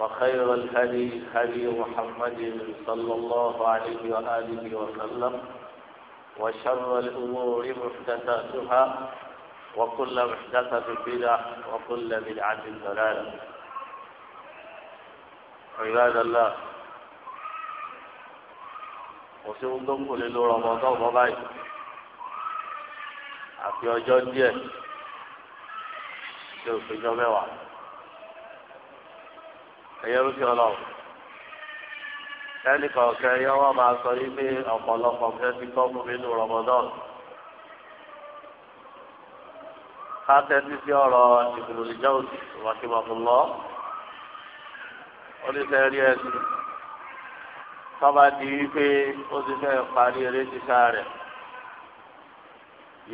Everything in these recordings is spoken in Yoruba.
وخير الهدي هدي محمد صلى الله عليه وآله وسلم وشر الأمور محدثاتها وكل محدثة بدعة وكل بدعة ضلالة عباد الله وسيمكم كل رمضان وبعد àfi ọjọ́ شوف tí o ẹ̀yẹ rúfin ọlọ́run ẹnì kọ̀ọ̀kan ẹ̀yẹ wọn máa sọ yí pé ọ̀pọ̀lọpọ̀ fẹ́ ti kọ́ fún mi nínú rọmọdán ká tẹ́tí sí ọ̀rọ̀ ìbùdó ìjọ́ òsì wàkìmọ̀kùnlọ́ oníṣẹ́rí ẹ̀sìn tọ́ba di wípé ó ti fẹ́ parí eré sísá rẹ̀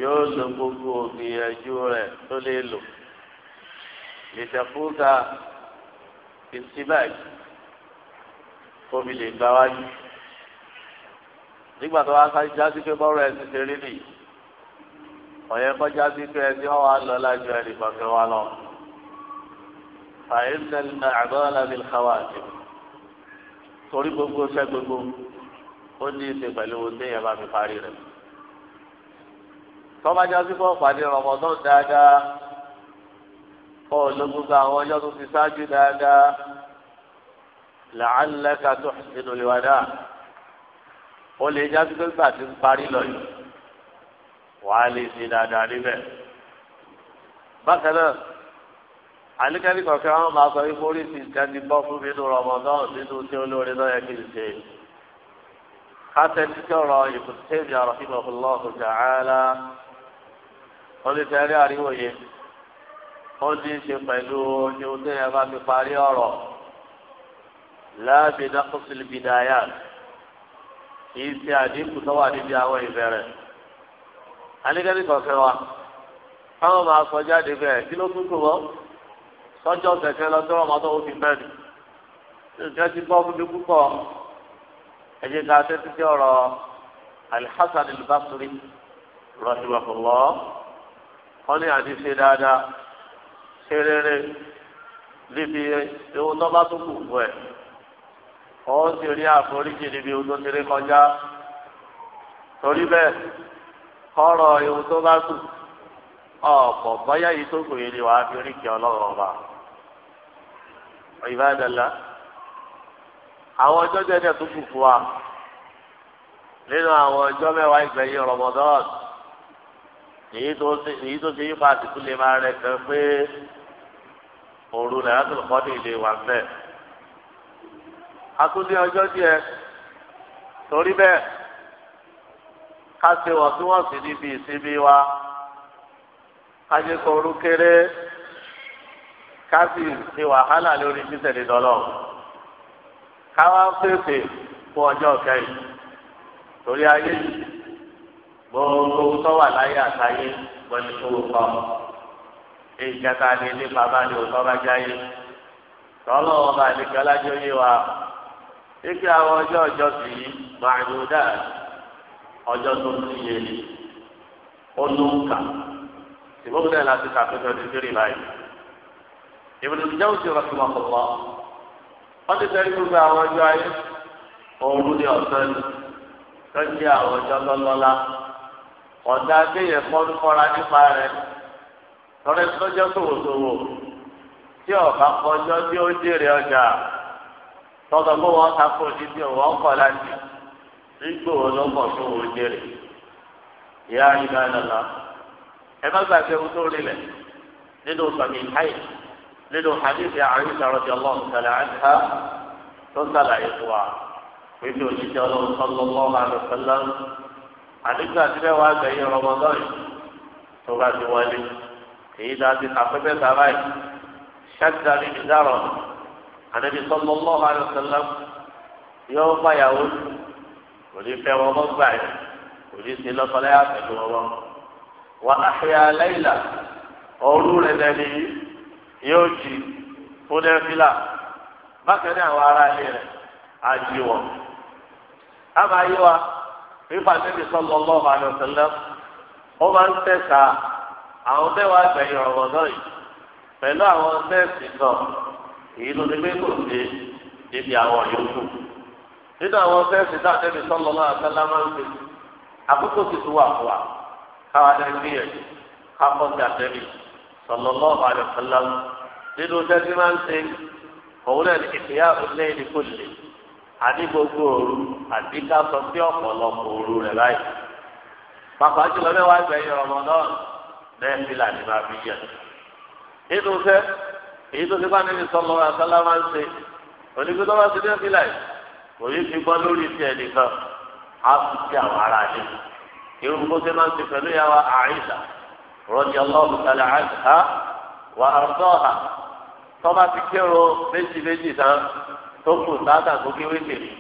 yóò lo gbogbo ògbìyànjú rẹ̀ tó lè lò ìṣẹ̀fúta ìsìn báyìí omi lè gbá wájú nígbà tó wá sáré jásí pé bọ́rọ̀ ẹ̀ ti ṣe rí nìyí ọ̀yẹ́ kọ́ jásí pé ẹ ti hàn wá lọ lájú ẹ̀ nìkan fẹ́ wá lọ. fàyín tẹ́lẹ̀ náà àgbọ̀n lábí káwá àti torí gbogbo ṣẹ́ gbogbo ó ní í ṣe pẹ̀lú ohun téèyàn bá fi parí rẹ̀. tọ́ba jásí pé ọ̀pàdé rọ̀mọ́tò dáadáa ọ̀ọ́lọ́ gbogbo àwọn ọjọ́ tó ti ṣáájú dáadáa làálẹ́ka tó nínú ìwádà ó lè já sí pé gbà tí ń parí lọ yìí wàá lè ṣe dáadáa níbẹ̀. bákan náà àníkẹ́ni kọ̀ọ̀kan wọn máa sọ wípé orí ti nǹkan ti bọ́ fún mi nínú Ramadan nínú tí olóore náà yẹ kí n ṣe. kásẹ̀tì tọrọ ìfúnṣẹ́mi àròkìmọ̀ fún lọ́ọ̀kùn jàálá wọ́n lè tẹ́lẹ̀ àríwòye ó ní í ṣe pẹ̀lú ohun tó yẹ bá fi parí ọ̀rọ̀ láàbì dákúsìlì bìdáyà kì í ṣe àdínkù tó wà níbi àwọn ìbẹ̀rẹ̀ alẹ́gẹ́rì kọ̀ọ̀kẹ́ wa káwọn máa sọ jáde bẹ́ẹ̀ kí ló tún kù wọ́n sọ́jọ́ kẹ̀kẹ́ lọ sí ọmọdé ó ti bẹ́ẹ̀ ni nǹkan ti bọ́ fún mi púpọ̀ ẹ ká tẹ́tí sí ọ̀rọ̀ alhassan al-basri wọ́n ní àdíṣe dáadáa ṣe rere níbi ewu tó bá tó kù fún ẹ ọ sì rí àforíjì níbi ewu tó ti rí kọjá torí bẹ́ẹ̀ kọrọ ewu tó bá kù ọ̀pọ̀ bóyá yìí tó kù yìí ni wàá fi rí kí ọlọ́rọ̀ ọba ìbádàlá àwọn ọjọ́ jẹjẹ tó kù fún wa nínú àwọn ọjọ́ mẹ́wàá ìgbẹ̀yìn rọmọdọọsì èyí tó ṣe yí àtìkú lè máa rẹ kàn pé òru lẹ́yìn tó kọ́ ní ilé wa bẹ́ẹ̀. akúndé ọjọ́ díẹ̀ torí bẹ́ẹ̀ ká ṣe wọ̀síwọ̀sí níbi ìsinmi wa ká ṣe kọ orú kéré ká sì ṣe wàhálà lórí títẹ̀lé dọ́lọ́ ká wá pèsè fún ọjọ́ kẹyìn torí ayé gbogbo tó wà láyé àtayé gbọ́dọ̀ tó wù kọ́ èyíká tá a lè ní bàbá ni òótọ́ bá jáyé tọ́lọ́ ọba àdìgbà lájọ yé wa ike àwọn ọjọ́ ọjọ́ sì yí màdúdà ọjọ́ tó ń yé ni ó ló ń kà ìbúkú náà láti kà pẹ́ẹ́tọ́ ti kéré báyìí ìbùdó ìjọba ti rọ̀ fún ọkọ̀ wọ́n ti tẹ́lẹ̀ gbogbo àwọn ọjọ́ ayé òru ni ọ̀sán ni tọ́jú àwọn ọjọ́ lọ́lọ́lá ọ̀dà akéyẹ̀ fọ́nú nípa rẹ̀ tọ́lẹ̀ sọ́jọ́ sòwòsòwò tí ọ̀bá kọjọ́ tí ó jèrè ọjà tọ́tọ̀ bó wọ́n ta kó ní bí láti nígbò wọn ló tó wọ́n jèrè ìyá ìgbà nàlá ẹ má gbàgbé ohun tó rí lẹ̀ nínú sọ̀mí káyì nínú hadithi àríṣà rọ̀jò ọlọ́run sàlẹ̀ àìsà tó sàlàyé fún wa pẹ̀lú òṣìṣẹ́ ọlọ́run sọ́lọ́lọ́ àlùfẹ́lẹ́ àdìgbà tí wọ́n wá gbẹ̀yìn rọmọdọ́yìn tó bá ti wọlé èyí tá a ti sàpẹ́pẹ́ sábà yìí ṣáàtìdá ní ìdárọ̀ ànábi sọ́mọ́ lọ́wọ́ àlùsọ́lá yóò fàyàwó kò ní fẹ́ wọn mọ́gbà yìí kò ní sí lọ́kọ́lẹ́yà pẹ̀lú wọn. wà á fi alẹ́ ìlà ọ̀rú rẹ̀ lẹ́ni yóò jí fúnẹ́fìlà bákan ní àwọn ará ilé rẹ̀ á jí wọn. a máa yí wa fífa níbi sọ́mọ́ lọ́wọ́ àlùsọ́lá ó máa ń tẹ̀sà àwọn mẹ́wàá gbẹ̀yìn ọ̀rọ̀ náà yìí pẹ̀lú àwọn mẹ́ẹ̀sì náà èyí ló ní pé kò sí níbi àwọn yòókù nínú àwọn mẹ́ẹ̀sì náà tẹ́bi sọ́lọ́ náà sálá máa ń gbé àkókò sì tún wà fún wa káwa náà gbìyànjú kápọ́ sí àtẹ́bi sọ́lọ́ náà wà lọ sálá nínú tẹ́sí máa ń ṣe òun náà ní ìpìyà òun ní kò lè àní gbogbo òru àti ká sọ pé ọ̀pọ̀lọpọ̀ òru rẹ̀ báyìí pàpà jùlọ mẹ́wàá gbẹ̀yìn ọ̀rọ̀ náà bẹ́ẹ̀ fìlà ni máa fi yẹ. nínú fẹ́ èyí tó ti bá níbi sọ́lọ́ àtàlà máa ń ṣe onígbé tó bá ti dé fìlà yìí kò fi gbọ́ lórí ti ẹ̀ nìkan á fi ti àwọn ará rẹ̀. irú bó ṣe máa ń ṣe pẹ̀lú ìyá wa Àìṣà radiyallahu ta'ala anha wa ardaha tó bá ti kérò méjì méjì tán tó kù sáàtà tó kéwé tèmi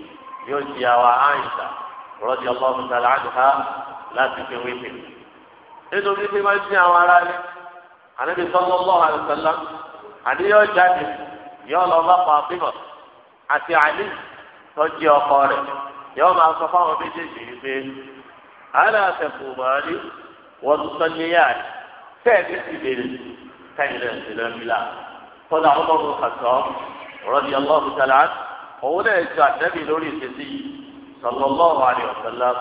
yóò ti àwa Àìṣà radiyallahu ta'ala anha láti kéwé tèmi nínú fífi máa ń sin àwọn ará ilé ànábi sallallahu alaihi wasallam àníyàn jáde yóò lọ bá Fátímà àti àlì tó jẹ ọkọ rẹ̀ yóò máa sọ fáwọn méjèèjì yìí pé àlà àtẹkù màálí wọn tún sọnyẹ yáà rẹ fẹẹmí sì bèrè kẹyìn rẹ sì lẹnu la kọdà ọmọ mi kàtọ radiyallahu òun náà ju ànábi lórí ìṣesí sallallahu alaihi wasallam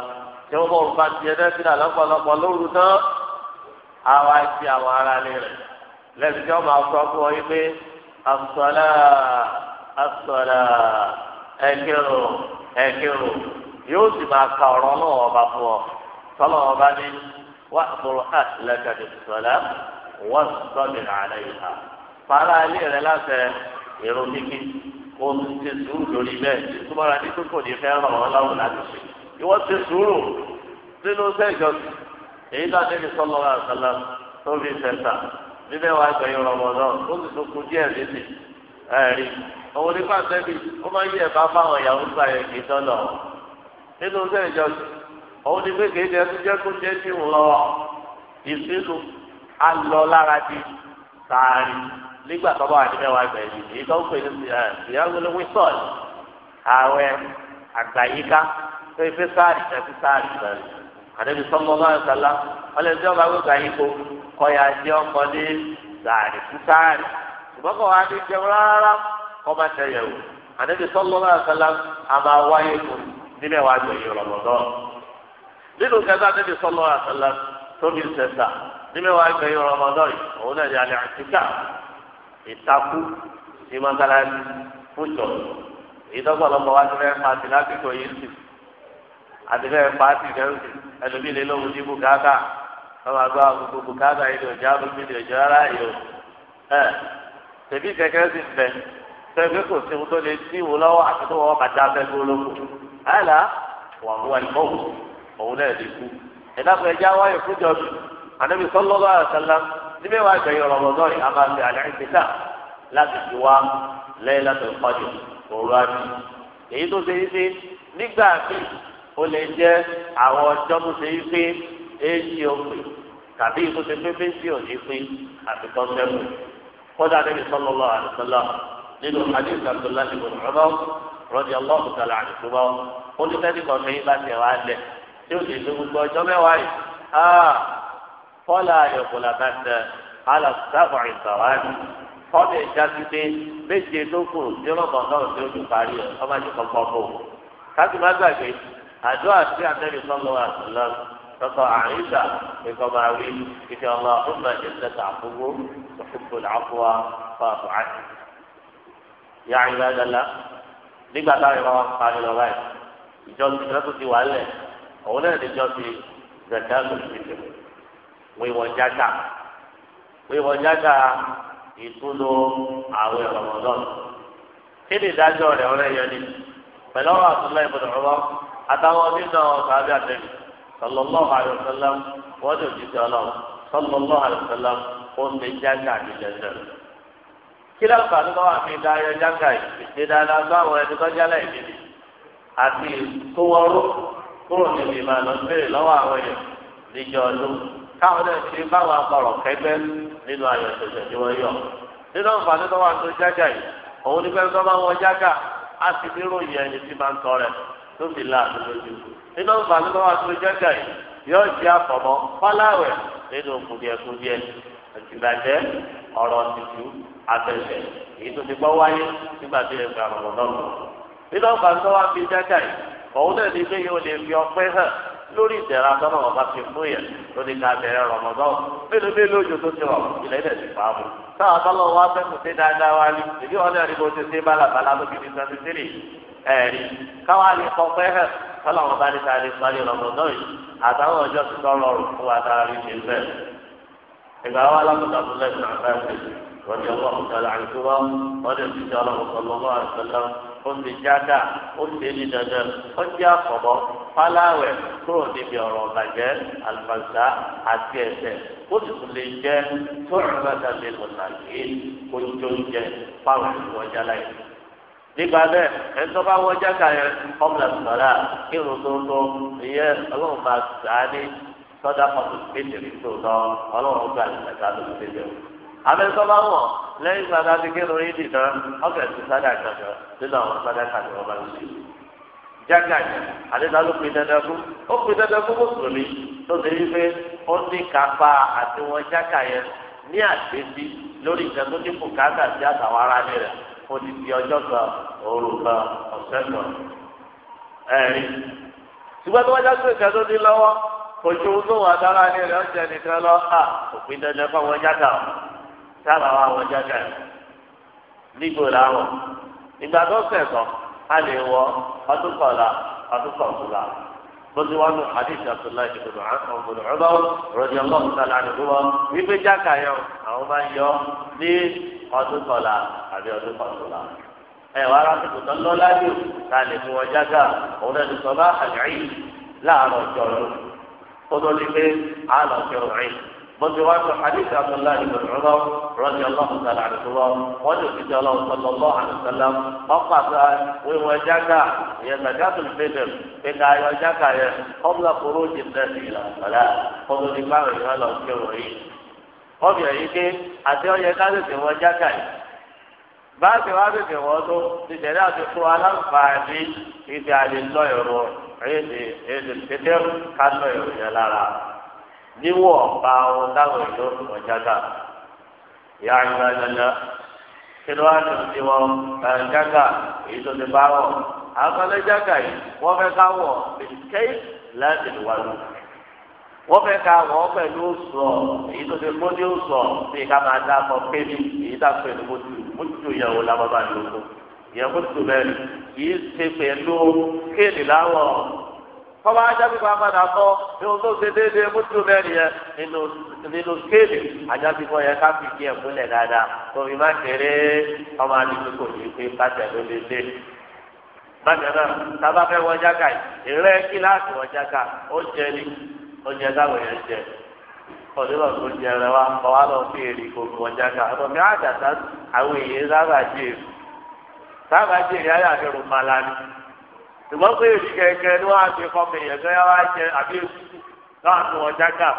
tí wọn bọ òrùka tiẹ náà sílẹ̀ àlọpàlọpà lóru náà àwa ti àwọn ará ilé rẹ̀ lẹ́sìn tí wọ́n máa sọ fún ọ yí pé àsọ̀lá àsọ̀lá ẹ̀kírò ẹ̀kírò yóò sì máa ka ọ̀rọ̀ ọlọ́wọ́ ọba fún ọ sọlọ́ ọba ní wà àbúrò àtìlẹ́kàdé sọ̀lá wọ́n sọ̀lẹ̀ àlẹ́ yìí ha fara ilé rẹ̀ láti irun kíkí kó o ti sùúrù lórí bẹ́ẹ̀ ìtumọ̀ra ní kókò ní fẹ́ràn ọlọ́run láti ṣe ìwọ́n ti sùúrù sínú sẹ́jọ́sì èyí tó àtẹ́bí sọ́lọ́ àṣàlá tó fi sẹ́ta nílẹ̀ wa gbẹ̀yìn rọ̀mọ̀dọ́ ó sì tó kú díẹ̀ níbi ẹ̀rí òun nípa àtẹ́bí ó máa ń yí ẹ̀bá fáwọn ìyàwó gbà yẹn kì nínú sẹ́yìn jọ òun ní pé kéde ẹtú jẹ́ kó jẹ́ sí ńlọ ìsínú alọ lára di tààrí nígbà tó bá wà nílẹ̀ wa gbẹ̀yìn èyí tó ń pè ní ìyàwó lówó sọ̀rọ̀ àwẹ̀ àgbàyíká pé fẹ́ sáàrì tẹ́tí sáàrì sọ̀rọ̀ àdébí sọmọ bá ń sàlá ọlẹ́ tí ọba gbégbá yìí kó kọ́ya jẹ́ ọkọ ní sàárì sísáárì ṣùgbọ́n kọ́ wa ní jẹun rárá kọ́ máa tẹ̀yẹ̀ wò àdébí sọmọ bá ń sàlá a máa wáyé fún níbẹ̀ wá gbẹ̀yìn rọ̀mọ̀dọ́ nínú kẹta àdébí sọmọ bá ń sàlá tóbi sẹ̀sà níbẹ̀ wá gbẹ̀yìn rọ̀mọ̀dọ́ yìí òun náà yà lẹ́ àtìkà ìtakú ìmọ̀tàlá fújọ ìdọ́gbọ̀lọpọ̀ wá ti fẹ́ àtẹ̀fẹ́ pàtì rẹ̀ ẹlòmíì lé lóhun ní bùkátà ọmọ àgbà gbogbo bùkátà yìí lè ọjà lómi lè ọjà rárá yìí o ẹ tẹ̀bí kẹ̀kẹ́ sì bẹ̀ tẹ̀bí kò sí ohun tó lè dín ìwò lọ́wọ́ àti tó wọ́n bàtà fẹ́ gbólóko àyàlá wà wọ ẹ̀kọ́ wò òun náà lè kú ẹ̀dàpọ̀ ẹja wáyé fújọ mi ànábi sọlọ́lọ́ àṣàlá níbẹ̀ wá ìgbẹ̀yìn Ramadan yìí a máa fi àlẹ́ ìgbésà láti fi wá lẹ́yìn láti pàdé òru àti èyí tó ṣe é ṣe nígbà míì ó lè jẹ́ àwọn ọjọ́ tó ṣe yí pé éjì òpè tàbí ikú ṣe pé méjì òní pé àti tọ́sẹ̀mù kódà níbi sallallahu alaihi wasallam nínú hadith abdullahi ibn Umar radiyallahu ta'ala àdìsúbọ̀ ó ní sẹ́ni kan fẹ́ yín bá tẹ̀ wá lẹ̀ tí ó sì ṣe gbogbo ọjọ́ mẹ́wàá yìí fọ́lá ayọ̀kọ̀ làbàtà alàkùsàfọ̀ ìsàwádìí fọ́lá ìjásí pé méje tó kù tí náà tí ó ti parí ẹ̀ àjọ àti àtẹ́bí sọ́lọ́ àtúnlá tọ́tọ́ àríṣà ìkọ̀bà rí ìfẹ́ ọlọ́ ọ̀húnmá ìṣẹ̀tà àfọwọ́ òfúfú làákùwà fáàfù àti. ìyá ìlà dàlá nígbà táwọn ìwà wọn parí lọ báyìí ìjọ ìjọ tó ti wà lẹ̀ òun náà níjọ ti zẹ̀dá lòdìdì wíwọ jágà wíwọ jágà ìtúlò àwẹ̀ rọ̀mọ̀dọ́n kí ni ìdájọ́ rẹ̀ ọ̀rẹ́ yẹn ni pẹ̀lú ọ̀rọ̀ àtàwọn nínú sàbí àtẹnì sallallahu alaihi wasallam wọ́n ti ti ọlọ́run sallallahu alaihi wasallam ó ń bẹ jágà ní lẹ́sẹ̀ kí lọ́pàá tó wà ní ìdáyọ jágà yìí ìdáná bá àwọn ẹni tó jálẹ̀ ìdílé àti tó wọ́n rú kúrò níbi ìmọ̀ lọ bèrè lọ́wọ́ àwọn èèyàn níjọ ọdún káwọn náà ti báwọn akọ̀rọ̀ kẹgbẹ́ nínú ayọ̀ tẹ̀sẹ̀ tí wọ́n yọ nínú àǹfààní tó wà tó jágà yìí tó fi la àtúntò nínú ìgbàlú bá wà tó jẹ́gà yìí yóò jẹ́ àfọ̀mọ́ fọláwẹ̀ nínú kùdìẹ̀kùdìẹ̀ ìbàjẹ́ ọ̀rọ̀ tìtù àtẹ̀sẹ̀ èyí tó ti gbọ́ wáyé nígbà tó yẹ gbà rọ̀rọ̀ lọ́nà. nínú ìgbàlú bá wà tó jẹ́gà yìí òun náà ní pé yóò lè fi ọpẹ́ hàn lórí ìdẹ̀ra tọ́lọ̀ ọba ti fún yẹn tó ní ká bẹ̀rẹ̀ rọ̀mọ́dọ́ mélòó mélòó ojú tó ti rọ̀ ilẹ̀ ilẹ̀ ti fàá táwọn tọ́lọ̀ wá fẹ́ dáadáa wá ní ìdí wọn náà ní bó ti ṣe bálabàlá lóbi ní sẹ́ńtítírì ẹ̀rí káwá lè kọ́ pẹ́ hẹ̀ kọ́lọ́wọ́n bá ní sáré parí rọ̀mọ̀dán yìí àtàwọn ọjọ́ ti tọ́ lọ́rùn fún àtàrí ṣe bẹ́ẹ̀. ìgbà wa lábùdà tó lẹ́sìn àbáṣe wọ́n ti ọlọ́run tẹ̀lé àìsúwọ́ wọ́n ti ti jẹ́ ọlọ́run tọ́lọ́ lọ́wọ́ àìsọ́lọ́ ó ti jáda ó ti ní dandan ó jẹ́ àkọ́bọ́ fáláwẹ̀ kúrò níbi ọ̀rọ̀ ọ̀bàjẹ́ àlùfàṣà àti ẹ̀sẹ̀ ó sì tún lè jẹ́ tó ìrọ̀lẹ́ta lè lọ́nà yìí kó jó jẹ nípa bẹ́ẹ̀ ẹ̀ńtọ́ bá wọ jáka yẹn ọ̀bùnà sọ̀rọ̀ kí irun tó ń tó ìyẹn ọlọ́run bá sàá ní sọ́dá pọ̀tù péjèrè tó lọ ọlọ́run gba ìgbàgbà lórí péjèrè. abẹ́ńtọ́ bá wọ̀ lẹ́yìn ìgbàgbà ti kí irun yìí dìtàn ọ̀gá ẹ̀sìn sádà kankan nínú àwọn sádà kankan wọn bá ń ṣe. jáka yẹn àdéhà ló pin dandan fún ó pin dandan fún mùsùlùmí tó ṣe wípé ó ní kápá àtiwọn jáka yẹn ní àṣeṣí lórí ìtẹ́tún dípò káàkà àtàwọn ará ní rẹ̀ fọdìdì ọjọ́ kan òru kan ọ̀sẹ̀ kan ẹ̀rí. ṣùgbọ́n tó wájú pé ìṣẹ́ tó dín lọ́wọ́ kojú tó wà dára ní rẹ̀ ọ̀jẹ̀ nìkan lọ à òpin dandan fún àwọn jágà sábà wà àwọn jágà ẹ̀ nígbò láwọn ìgbà tó sẹ̀tọ̀ a lè wọ ọdún kọ̀ọ̀la ọdún kọ̀ọ̀tùlà bóti wà nù hadith abdullahi ibùdó ọmọdé ọba rọjò ọlọ́run tàlà àdúgbò wípé jáka yọ àwọn máa yọ ní ọdún kọlà àbí ọdún kọtùlà ẹ wàá rásìkò tó lọ́lá jù tá a lè mú wọn jáka òun náà ti sọ bá àgbáyé láàárọ̀ jọ̀rọ̀ kó tó lé pé àlọ́ jọ̀rọ̀ rìn bóti hadith abdullahi ibùdó ọ̀rọ̀ rọ́ọ̀dì ọlọ́run sàlẹ̀ àdúgbò wọ́n lè fi jẹ́ ọlọ́run sọ̀tọ̀ ọlọ́run àdúgbò ọkọ̀ àti wíwọ jágà ìyẹn sàgáàtù fẹ́tẹ̀m pété ayọ̀ jágà yẹn ọ̀bùlà kúrò jì tẹ̀sí ìlànà ọdún ní báwọn èèyàn lọ sí ọ̀rọ̀ yìí. ọbẹ̀ yìí ké àti ọyẹ káṣíṣe wọ jágà yìí báàsì wá bèbè wọ́n tó ti tẹ̀lé àti fún dáhùn ìlú ọ̀jágà ìyá àgbà dandan kí ló wá tún ti wọn jágà èyí tó ti bá wọ àkọlé jágà yìí wọn fẹ́ ká wọ bìkẹ́yì láti wà lù wọn fẹ́ ká wọ pẹ̀lú sọ èyí tó ti kó ní sọ bí ká máa dá kọ pébí èyí tá pẹ̀lú mọtò mọtò yẹwò lábàbà lóko yẹwò tó bẹ́ẹ̀ kì í ṣe pẹ̀lú kéèlì láwọ kọ́ba ajábí bá padà sọ ní ohun tó ṣe déédéé mútu mẹ́rin yẹn nínú nínú kéèlì ajábí bọ́ yẹn ká fi kí ẹ̀ múlẹ̀ dáadáa tóbi má kéré ọmọ àdìgbò kò ní pé bàtẹ̀ ló lè dé. bákan náà sábà fẹ́ wọ́n jáka ìrẹ́ kíláàsì wọ́n jáka ó jẹ ní ó jẹ táwọn yẹn jẹ ọdúnlọ tó jẹ rẹ wa kọ wa lọ fi èrè kò wọ́n jáka ọ̀dọ̀ mi àjàtà àwọn èèyàn sábà jèrè sábà jèrè ayàfẹ́ rò ṣùgbọ́n pé èdè kẹ̀kẹ́ ni wọ́n á fi kọ́mọ èèyàn kẹ́ wá jẹ àbí ètùtù náà tún wọn jágà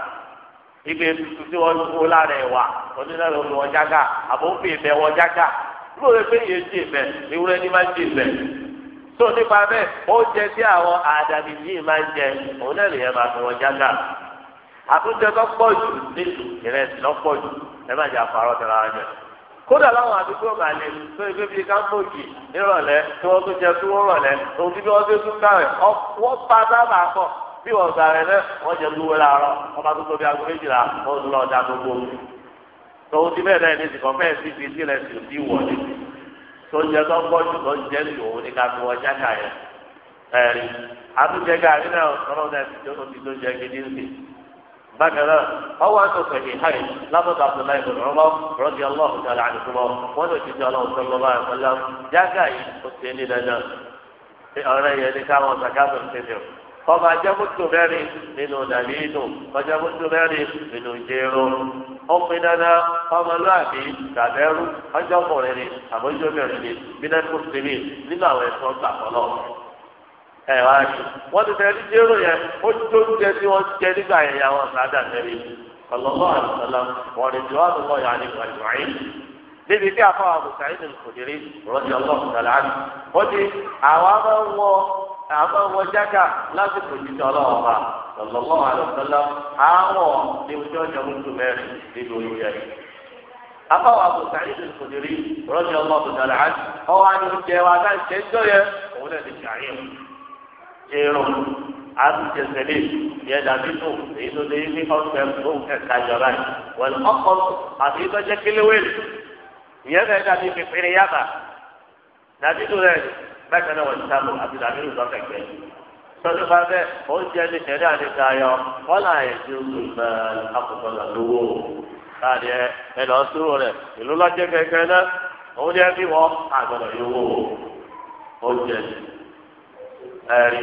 ibi ètùtù tí wọ́n kó lára ẹ̀ wà onílẹ̀rọ̀ ni wọ́n jágà àbò ń ìbẹ̀ wọn jágà ló lè pé yéé jì bẹ̀ ewúrẹ́ ni máa ń bẹ̀ tó nípa bẹ́ẹ̀ oúnjẹ tí àwọn àdàbí yìí máa ń jẹ òun náà lè yẹ máa fi wọn jágà àtúnjẹ tó jù nílùú ìrẹsì lọ́pọ̀ jù ẹ má jẹ àfàrọ̀ kódà láwọn àdúgbò màlẹ tó ebi bíi kámbòjì nírọ̀lẹ́ tí wọn tún jẹ tí rọ̀lẹ́ òun bíbí wọn tún tún kárẹ wọn pa dábàá pọ bí wọn sàrẹ náà wọn jẹ lúwẹ làárọ̀ wọn bá tún tóbi aago méjìlá wọn tún lọ da gbogbo tòun ti bẹ́ẹ̀ náà ní ti kọfẹ sí fi sílẹ̀ sí ti wọlé tó ń jẹ tó ń bọ jù tó ń jẹ ní بكذا هو أن صحيحين لفظ عبد الله بن عمر رضي الله تعالى عنهما ونجد الله صلى الله عليه وسلم جاكاي حسيني لنا في يعني كما زكاة الفطر فما جبت بني من نبيد وجبت بني من جير أمنا فما لابي كبير أجمعني أبو جبرني من المسلمين لما ويسوع الله ẹ wá rí wọn ti tẹ̀lé jérò yẹn ó tó jẹ tí wọn jẹ nígbà yẹn yàwọn sàádà tẹ̀lé ọlọ́lọ́ àdìsọ́lá wọn rìn jùlọ àdúgbò yà ní ìgbàjúmáyé níbi tí afọ àbùsà yìí nìyí kò déré rọ́ọ̀tì ọlọ́run tẹ̀lé àná ó ti àwọn máa ń wọ àwọn wọ jágà lásìkò jíjẹ ọlọ́run bá ọlọ́lọ́ àdìsọ́lá àwọn ní ojú ọjọ́ mọ́tò mẹ́rin nínú orí yẹn afọwọ abu sa'id al-khudri rọjò ọlọpàá dàlá ọwọ àni oúnjẹ wa ká ṣe ń jọ yẹ òun náà ti ṣàyẹ̀wò irun àtúnṣe sẹ́lẹ̀ yẹn dàbí tó èyí tó lé ní ọ̀sẹ̀ tó ń kẹ̀kẹ́ àjọra yìí wọ́n ọkọ̀ àti tó jẹ́ kíléwèlì ìyẹn fẹ́ dàbí pípínrín yàtà dàbí tó rẹ̀ bẹ́ẹ̀ náà wọ́n ti sábò àti dàbí tó sọ́kẹ̀ gbẹ. sọ́dún bá bẹ́ẹ̀ ó ní sẹ́lẹ̀ àdìgbà yọ wọ́n là ẹ̀ ti rú ìgbà àkùkọ káàdì ẹ lọ sóró ìlú lọ́jẹ́ kẹ̀kẹ́ náà òun ni ẹ Eri,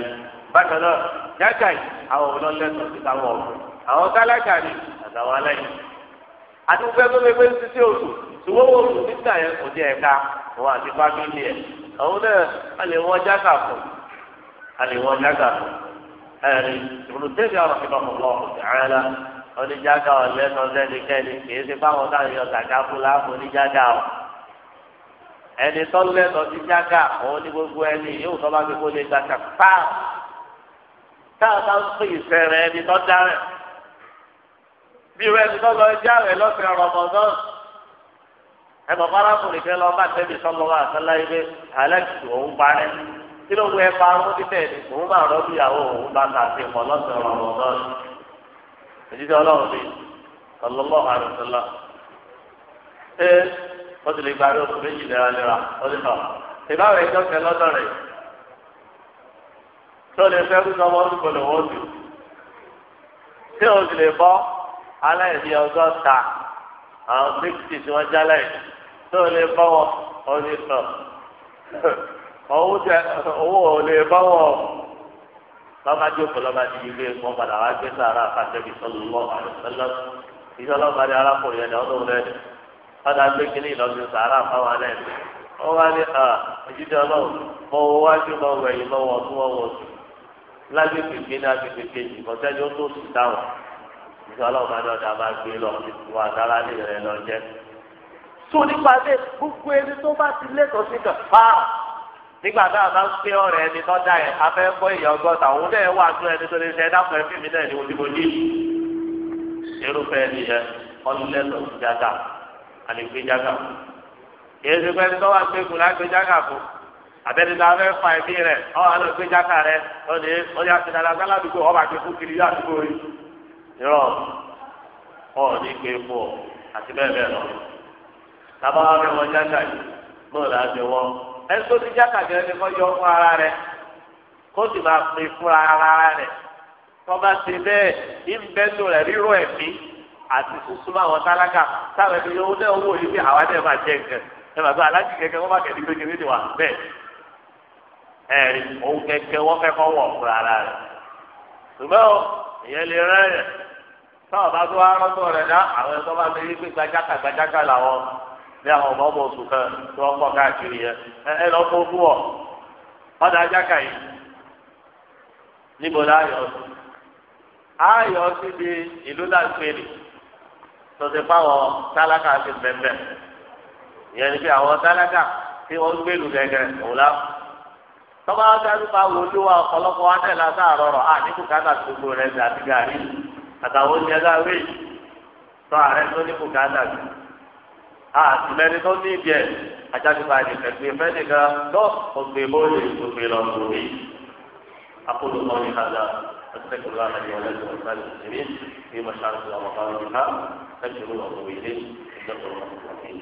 bákan náà jágà yìí àwọn ọlọ́lẹ́tọ̀ ti táwọn ọ̀rọ̀ àwọn tálákà ni àtàwọn aláìní. àdúgbò tó lè gbé títí oṣù ṣùgbọ́n owó oṣù nígbà yẹn kò jẹ́ ẹ̀ka wọn àti fámìlì ẹ̀ àwọn náà a lè wọ́n jágà fún a lè wọ́n jágà fún ẹ̀rí ìbùdó ọ̀rọ̀ lọ́wọ́ ẹni tọ́lẹ̀ lọ́sí jágà òun ní gbogbo ẹni yóò tọ́ bá fi kó lè gba kàfá táwọn bá ń pè ìfẹ́ rẹ ẹni tọ́ dá rẹ̀ bí irú ẹni tọ́ lọ já rẹ̀ lọ́sẹ̀ rọmọdán ẹ mọ̀ fáráfùnrin fẹ́ lọ bá tẹ́bi sọ́lọ́ wa àtàlá ilé alex òun parẹ́ kí ló ń wẹ parun títẹ̀ òun bá rọ́ bíyàwó òun bá ta sí mọ́ lọ́sẹ̀ rọmọdán èyí ọlọ́run fi sọlọ́lọ́ ó sì lè gba bí oṣù méjì lera lera ó sì tọ̀ ìbáwọ̀ ẹjọ́ kẹ lọ́dọ̀ rẹ̀ tó lè fẹ́ kúkọ ọmọ orúkọ lòun ó sì tí o sì lè bọ́ aláìsí ọgọ́ta àwọn sixty tí wọ́n jálẹ̀ tó lè bọ́ wọn ó sì tọ̀ owó tẹ owó ò lè bọ́ wọn lọ́ba jókòó lọ́ba ti di wọn padà wá gbé sára àfàtẹ́bí sọ́lọ́ lọ́wọ́ àrùn sẹ́lẹ̀ ìṣọ́lọ́ba arákùnrin ẹni ọdún rẹ̀ padà gbé kínní ìlọsí sàárà fáwọn alẹ́ mi wọ́n wá ní ìjídé ọlọ́run mọ owó wájú mọ wẹ̀yìn mọ wọ̀ tún wọ́n wọ̀ tún lágbègbè gbé ní agbègbè kejì kọ́sẹ́ni ó tó sùn táwọn ìjọba ọlọ́run bá ní ọ̀dà máa gbé lọ wọ àdára ní ìrẹ̀ lọ jẹ́ tó nípa dé gbogbo ẹni tó bá ti lẹ́tọ̀ọ́ sí kan fáà nígbà tá a bá ń pé ọ̀rẹ́ ẹni tó dá ẹ afẹ́ gbọ́ ìyá ọgọ́ta òun náà wà tó ẹni tó lè ṣe dákun ẹbí mi náà ni mo ti mo ní irúfẹ́ ẹni yẹn ọlẹ́tọ̀ọ́ sí dáadáa. àlègbèjágà kìí ṣe pé tọ́wọ́ àgbẹ̀kùn lágbèjágà fún àbẹ́nidá fẹ́ fa ẹ̀mí rẹ̀ ọ́ àlọ́ gbèjágà dị lọ́ni ọ̀yà àtìdàlà gbàládùúgbò ọba àgbẹ̀kùn kiri yá fún ọ ti jágà gẹ́gẹ́ ni kò yọ fún ara kó fún ara ti àti súnmọ́ àwọn tálákà táwọn ẹni owó náà wò awa na àwa náà máa jẹ nǹkan ẹ bàbá kẹ̀kẹ́ bá kẹ̀kẹ́ kékeré ni wà bẹ́ẹ̀ òun kẹ̀kẹ́ fẹ́ kọ́ wọ̀ fún ara rẹ̀ ṣùgbọ́n ìyẹn lè rẹ́ rẹ̀ táwọn bá tó wá rẹ̀ dá àwọn gbajáka gbajáka làwọn bí àwọn ọmọ ọmọ oṣù kan tí wọ́n pọ̀ káàkiri yẹn ẹ lọ tọ́sí fáwọn tálákà ti bẹ̀bẹ̀ ìyẹn ni pé àwọn tálákà tí wọ́n gbèlú gẹ́gẹ́ òwúlá tọ́ba dájú bá wò ló wa ọ̀pọ̀lọpọ̀ anẹ́lá sáàrọ̀ rọ̀ àní bùkátà tó gbó rẹ̀ sí àti gàrí àtàwọn oúnjẹ láwé tọ́ ààrẹ tó ní bùkátà sí àtìlẹ́ni tó ní ibi ẹ̀ ajájúba ìdìbò ẹgbẹ́ fẹ́nìkan lọ́ọ̀ ọ̀gbẹ́ bóyá ìgbòkè lọ́ọ̀ فاتقوا الله ايها ولكم ولسائر المسلمين في مشارق ومغاربها فاستغفروا واتوبوا اليه انه هو الغفور الرحيم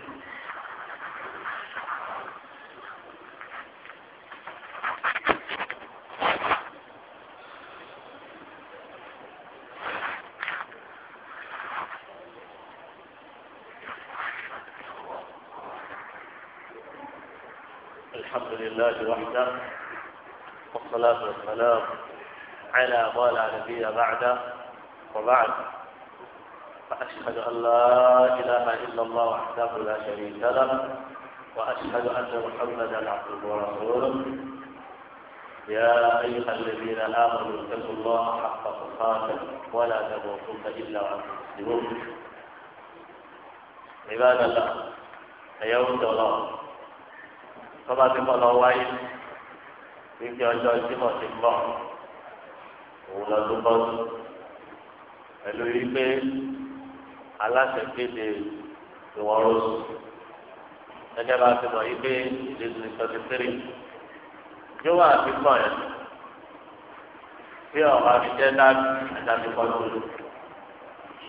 الحمد لله وحده والصلاة والسلام على ما نبينا بعد وبعد فأشهد أن لا إله إلا الله وحده لا شريك له وأشهد أن محمدا عبده ورسوله يا أيها الذين آمنوا اتقوا الله حق تقاته ولا تموتن إلا وأنتم مسلمون عباد الله أيوم الله فما تقول الله وعيد في جوجو الجمعة òun lọ tó bọ́sù pẹ̀lú wípé aláṣẹ kéde ìwọ̀n rọ́ọ̀sù gẹ́gẹ́ bá ti mọ̀ wípé ìdèzùn ìtọ́jú péré yóò wà àfikún ẹ̀ tí ọ̀rọ̀ àfijẹ́ dábì àjàdì kọ́tùlù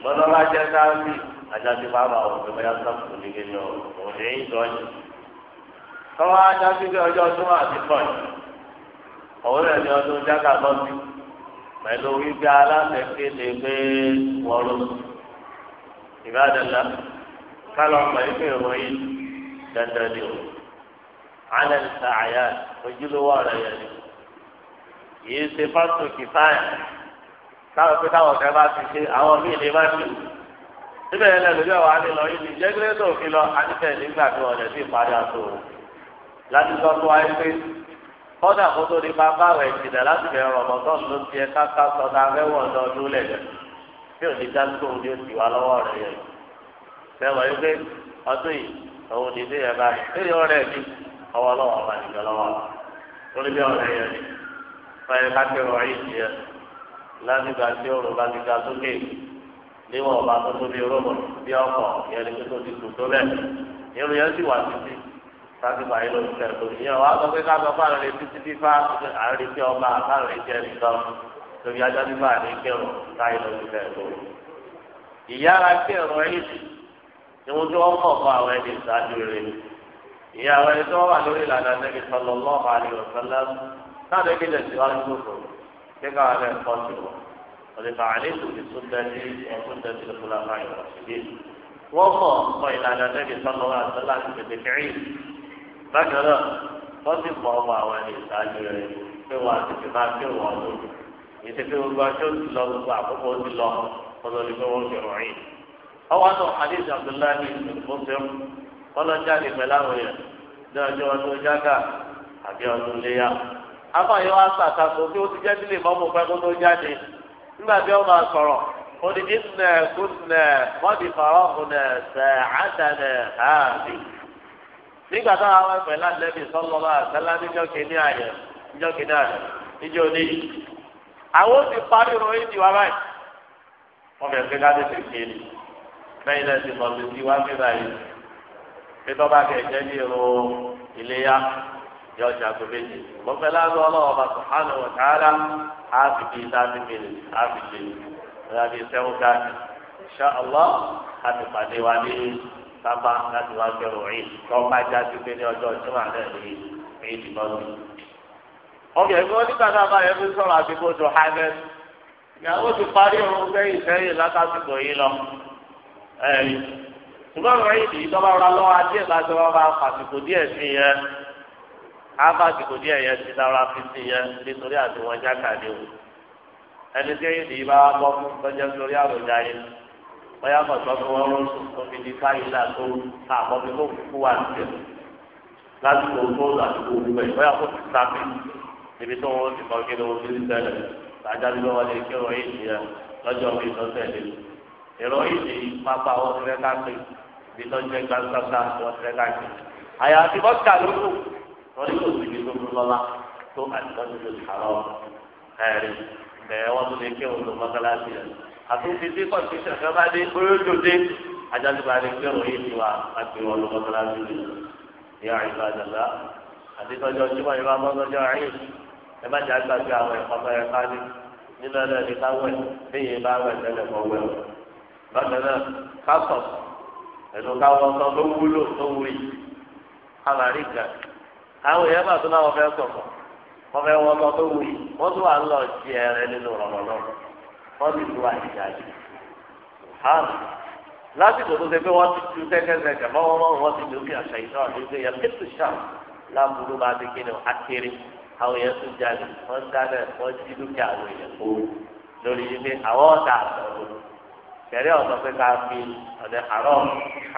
gbọ́dọ̀ bá jẹ́ dábì àjàdì bàbá òfin bóyá sọ́kùnrin ní kíni òun ní ìdọ́jú tọ́wọ́ àjàdì bí ọjọ́ ọdún àti pọ̀ yìí òun rẹ̀ ní ọdún jágà bọ́sì pẹ̀lú wípé aláfẹ́fẹ́ lè gbé wọ́ọ́rọ́ ìbádọ́lá kálọ̀ ọmọ ìfẹ́ ìròyìn dandan ni o alẹ́ nìta àyà ojúlówó ọ̀rọ̀ yẹn ni yìí ṣe fásitì kìfáyà táwọn pé táwọn ọ̀gá bá ti ṣe àwọn míì lè má ṣe síbẹ̀ yẹn lẹ́nu yóò wá ní lọ yìí ní jẹ́gẹ́rẹ́ tó fi lọ àti bẹ́ẹ̀ nígbà tí wọ́n lè fi parí àtò láti sọ fún wa pé kọ́dà kó tó di bá báwẹ̀ ìdìdà láti bẹ̀rẹ̀ rọ̀mọ́tọ́n ló ti ẹ káká sọdá fẹ́wọ̀ ọdọọdún lẹ̀dẹ̀ bí òní dáńtò ní o ti wà lọ́wọ́ rẹ̀ yẹn. sẹ́wọ̀ yìí pé ọdún yìí òun ní ilé yẹn báyìí eré ọ̀rẹ́ mi ọwọ́ lọ́wọ́ ọba nìkan lọ́wọ́ lórí bí ọ̀rẹ́ yẹn ni fẹ́ẹ́ kákẹ́ ọ̀rẹ́ yìí yẹn láti gba sí òrùn láti ga sókè níwọ̀n ọba tó tóbi bí sáàtì báyìí ló ń tẹ̀ tó ìyẹn wàá sọ pé ká sọ fáwọn lè títí bí fá àárín tí ọba àtàwọn lè jẹ nìkan lórí ajá nígbà ní kẹrùn táyì ló ń tẹ̀ tó. ìyára kẹrùn ẹni tì ni wọn tí wọn kọ fún àwọn ẹni ìsáájú rẹ ìyàwó ẹni tí wọn wà lórí ìlànà nẹbi sọlọ lọọfà ni ọsọlá táwọn ẹbí lè ti wá ní gbogbo kí káwọn ẹ kọ sí wọn ọ̀dẹ̀fà àlékún ti tún dẹ́sí ọ̀tún dẹ́sí lọ́kùnrin àbáyọ̀ ọ̀sìn bákan náà wọ́n sì mọ ọmọ àwọn ẹni ìsáájú rẹ̀ pé wọ́n á tètè máa kí wọ́n lò ètò pé gbogbo aṣọ ti lọ gbogbo àkókò ti lọ ọ̀dọ̀ ni pé wọ́n fi rọ̀ yìí. ọwọ́ àtọ̀ hadith abdullahi mọ̀tẹ́m kọ́lọ́ jáde pẹ̀lú àwọn èèyàn ní ọjọ́ ọdún jágà àbí ọdún léyà. afọ̀yẹ́ wa sàtàkó kí ó ti mọ́mú pẹ́ kó tó jáde nígbà nígbà táwọn àwọn ẹgbẹ́ lálẹ́bí sọ́lọ́ bá àtẹ́lá níjọ́ kìíní àyẹ̀ níjọ́ kìíní àyẹ̀ níjọ́ oníyì. àwọn ti parí ròyìn ìdìwà báyìí. wọ́n fẹ́ gbé láti fi kí ni bẹ́ẹ̀ náà ti mọ̀ lù sí wá bíbá yìí. pípọ́ bá kẹ̀ jẹ́ bí irun iléyà yọ ọjà tó méjì. mo fẹ́ láti ọlọ́wọ́ bá sùhánù wọ̀tàálà á fi kí i láti kiri á fi kiri. ọ̀yà bíi sẹ́wọ́n káàkiri sábà láti wá kẹrù ẹ̀yìn tọ́ba jáde pé ní ọjọ́ ìṣúná náà ní ẹ̀yìn ti lọ́ọ́ sí. ọbẹ̀ ìfún onígbà náà bá yẹn fi sọ̀rọ̀ àdìgbò tó hàgẹ́ ìyàwó ti parí òun sẹ́yìn sẹ́yìn látàsìkò yìí lọ. ṣùgbọ́n ẹ̀yìn tí tọ́ba rọra lọ́wọ́ díẹ̀ láti wá bá fàsìkò díẹ̀ sí yẹn á fàsìkò díẹ̀ yẹn ti dára fi sí yẹn nítorí àtiwọn jákàdé o ẹni bóyá kọ̀tọ́ wọn ló ń sùn tó fi di káyìlá tó àbọ̀ fi kó kú wà níbẹ̀ lásìkò tó lásìkò òwúwẹ bóyá kó ti sáfì níbi tó wọn ti kọ́ kí ló ń fi ṣẹlẹ̀ àjáde lọ́wọ́ lè kí ọ̀rọ̀ yìí ṣe lọ́jọ́ mi lọ́sẹ̀ lé èrò yìí ṣe pápá wọn ti rẹ́ káàkiri ibi tó ń gbàgbàgbà wọn ti rẹ́ káàkiri àyà àti bọ́ọ̀kà ló wọn ní kò sí ibi tó ń lọ́lá tó àtìkọ́ àtúntì tí kọ̀ǹtíṣàn kan bá dé olódòdé ajálùbá rẹ̀ pé òye ti wà àti wọn lọ́kọ́ tó láti lè yá ìgbà dàgbà àti tọ́jọ́ tí wọ́n yẹ bá mọ́tọ́jọ́ ayé ẹ má jà gbàgbé àwọn ẹ̀kọ́ tó yẹ ká ní nínú ẹ̀rọ ẹ̀dí ká wẹ̀ léyìn bá wẹ̀ tẹ́lẹ̀ kọ́ wẹ̀ lọ́sẹ̀ náà ká sọ̀ ẹ̀nu ká wọ́n sọ ló wúlò tó wù àmàlí gà àwọn èèyàn bàtú náà wọ́n fẹ́ sọ̀kọ̀ wọ́n fẹ́ wọ́n sọ tó wù wọ́n tún wà ń lọ sí ẹ̀rẹ́ nínú rọ̀rọ̀ náà. wọ́n ti lu àyíká yìí lásìkò tó ṣe pé wọ́n ti tu sẹ́kẹ́sẹ́kẹ́ mọ́wọ́mọ́ wọ́n ti lu àṣà ìṣọ́ àdúgbò yẹn pẹ̀tù ṣáà láburú bá ti kéde akéré àwọn èèyàn tún jáde wọ́n dáná wọ́n jí dúkìá àwọn èèyàn kó lórí yìí pé àwọn ọ̀tá àtọ̀rọ̀ kẹ̀rẹ́ ọ̀sán pé ká fi ọ̀dẹ àárọ̀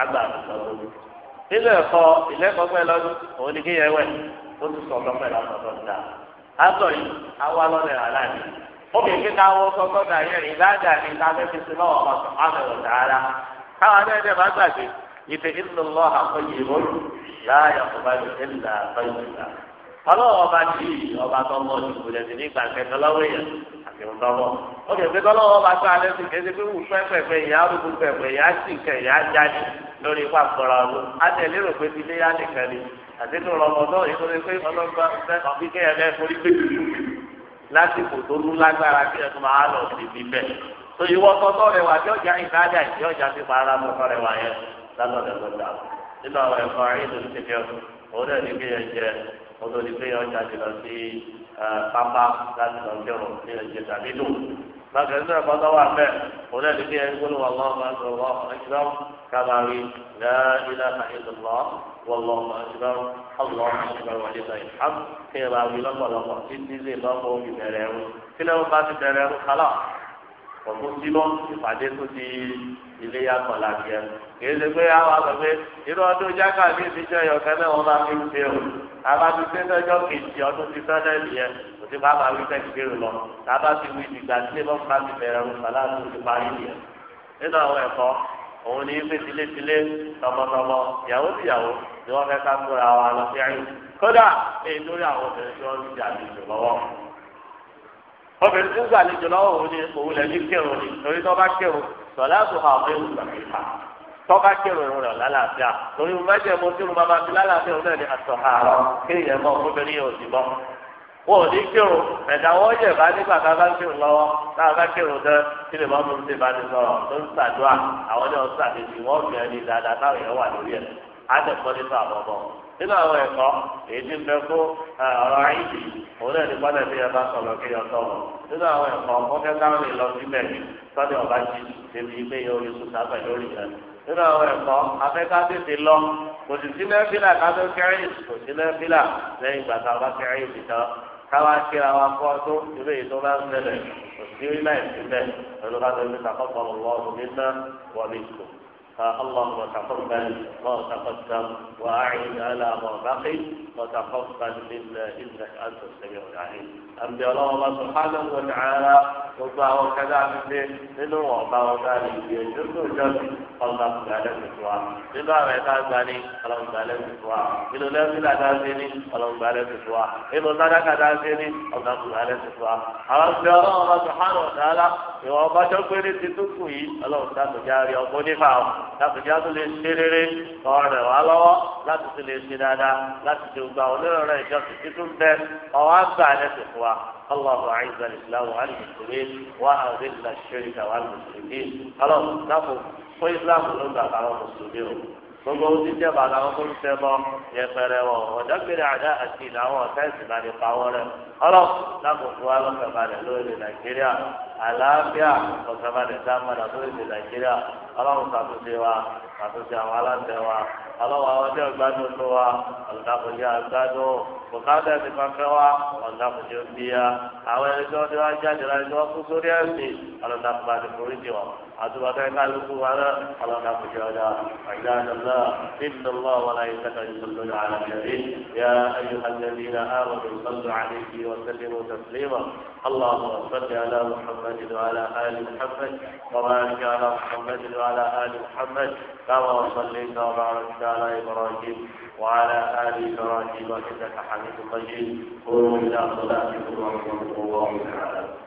àgbà àtọ̀rọ̀ nínú ẹ̀kọ́ ìlẹ́kọ̀ọ́ pẹ́ obìnrin táwọn sọ́kọ́ dàrí ìbáàdà ní tábẹ́bí sí lọ́wọ́ ọmọ sọ̀hánù ọ̀tàrà káwọn abẹ́rẹ́ bá gbàgbé ìfẹ́ ìlú lọ́ àkọ́yé ìwọ́lù láàyè ọ̀kọ̀bá ìlà àkọ́yìnlá. ọlọ́wọ́ ọba tí ọba tó mọ ìdìbò lẹ́sì ní gbàgbé tọ́lọ́wọ́ èèyàn àti ńlọ́wọ́. obìnrin tọ́lọ́wọ́ bá tó alẹ́ sí kéde pé wù pẹ́pẹ́pẹ́ ìyá ìyá lásìkò tó lú lágbára kí ẹ tó máa lọ síbi bẹ́ẹ̀ tó ìwọ tọ́tọ́ rẹ wà tí ọjà ìbáàdà tí ọjà ti para tọ́tọ́ rẹ wà yẹn lálọ́dẹ̀ lọ́dà nínú àwọn ẹ̀kọ́ ayélujára ti tẹ̀lé òun náà ní pé yẹn jẹ òun náà ní pé yẹn ọjà ti lọ sí pápá láti lọ sí ọ̀rọ̀ pé yẹn jẹ tàbí dùn. bákan náà bọ́tọ́ wà bẹ́ẹ̀ òun náà ní pé yẹn gbólóhùn ọlọ́run والله أكبر الله أكبر ولله الحمد في رابي لما لما إني زي لما ومي دارعو في لما بعد دارعو خلاص ومسلم ìpàdé tó ti ilé ya kọ̀ làbíyẹ kì í ṣe pé àwọn àgbẹ̀ irú ọdún jákà ní ìdíjọ ìyọ̀kẹ́ náà wọ́n bá fi ń ṣe o abáfi ṣe lọ́jọ́ kejì ọdún ti sọ́dọ̀ ìyẹn kò sí bá máa wí tẹ́kìlérò lọ tábà ti wí ìdìgbà òun ní pé tilétilé tọmọtọmọ ìyàwó tìyàwó ni wọn fẹ́ ká múra wa lọ sí ẹ̀yìn kódà èyí lórí àwọn obìnrin tí wọn ń jà àlejò obìnrin tí ń gbà àlejò òun ni òun lè ní kírun ni torí tó bá kírun sọlá tó hà ọmọ ìwúgbà kíkà tó bá kírun ìrun rẹ̀ lálàáfíà torí mo máa jẹ mo tí mo máa fi lálàáfíà òun náà ni àtọ̀hà rọ kéèyàn mọ obìnrin yóò sì mọ wọn ní kírun ẹ̀dá wọn yẹ̀ bá nígbà tá bá kírun lọ́wọ́ tá a bá kírun tẹ́ kí lè má mú ti bá ti sọ̀rọ̀ tó ń ṣàdúrà àwọn ní ọ̀sán àtẹ̀sí wọ́n fi ẹni dáadáa táwọn èèyàn wà lórí ẹ̀ àtẹ̀kọ́ nínú àwọn ọmọ nínú àwọn ẹ̀kọ́ èyí ti bẹ fún ọ̀rọ̀ àìsí òun náà ní pátá bí ẹ bá sọ̀rọ̀ kí ẹ sọ̀rọ̀ nínú àwọn ẹ̀kọ́ kọ́kẹ́ káwọn lè lọ síbẹ̀ sọ́ni ọ̀bá jí débi ilé yẹn orí sùn sábẹ̀ lórí rẹ̀ nínú àwọn ẹ̀kọ́ afẹ́ká tètè lọ kò sí lẹ́fílà ká tó kẹ́rìn kò sí lẹ́fílà lẹ́yìn ìgbà tá a bá káwá kíra wa kọ́ tó irú èyí tó bá ń tẹ̀lẹ̀ òsì wíwá ìsìnlẹ̀ pẹ̀lú ká tóbi takọ́kọ́ lọ́wọ́ nígbà wà ní ìsò. اللهم تقبل ما تقدم وأعين على ما بقي وتقبل منا إنك أنت السميع العليم أنبياء الله سبحانه وتعالى وما هو من منه ذلك ọlọ́run gba lẹ́sìn fún wa nínú àwọn ẹ̀ka gba ni ọlọ́run gba lẹ́sìn fún wa nínú lẹ́sìnà dá sí ni ọlọ́run gba lẹ́sìn fún wa nínú sádàkà dá sí ni ọlọ́run gba lẹ́sìn fún wa. àwọn ìgbẹ́ ọlọ́run ọba sùhánù ọ̀dàlá ìwọ ọba tó pé ní ti túkù yìí ọlọ́run sàtúnjá rí ọgbọ́n nípa ọ sàtúnjá tó lè ṣe rere ọ̀rẹ́ wa lọ́wọ́ láti tún lè ṣe dáadáa láti tún gba onírọ̀rẹ́ ìjọsìn títún bẹ́ẹ̀ ọwọ́ àgbà lẹ́sìn fún wa. الله عز الاسلام والمسلمين واذل الشرك والمشركين اللهم نقم fún islam ló ń gbà káwọn mùsùlùmí o gbogbo ohun títí ẹ̀bà làwọn tó ń tẹ́ bọ́ yẹpẹrẹ wọn ọ̀dọ́gbẹ̀rẹ̀ àdá àti ìlàwọ̀ ọ̀tẹ́sì bá lè pa wọ́n rẹ ọlọ́run lákòókò wa lọ́fẹ̀ẹ́ balẹ̀ lórí nàìjíríà àlàáfíà ọ̀fẹ́ balẹ̀ dá padà lórí nàìjíríà ọlọ́run ṣàtúnṣe wa ṣàtúnṣe àwọn aláǹtẹ̀ wa alọ́wọ́ àwọn ọdẹ ọgbádùn tó wa ọ̀dàkùnjẹ àgbádùn bùkátà ti kankan wa ọ̀dàkùnjẹ òbí ya àwọn ẹni tó wọ́n ti wá jáde láti wọ́n kú sórí ẹ̀sìn ọ̀dàkùnjẹ àti àtúbàtà ìkálukú wa náà ọlọ́dà kùjọ ọjà àìdá àjọlá الله ولا يسأل يصلون على النبي يا أيها الذين آمنوا صلوا عليه وسلموا تسليما اللهم صل على محمد وعلى آل محمد وبارك على محمد وعلى آل محمد كما صليت وباركت على إبراهيم وعلى آل إبراهيم إنك حميد مجيد قولوا إلى صلاتكم ورحمة الله تعالى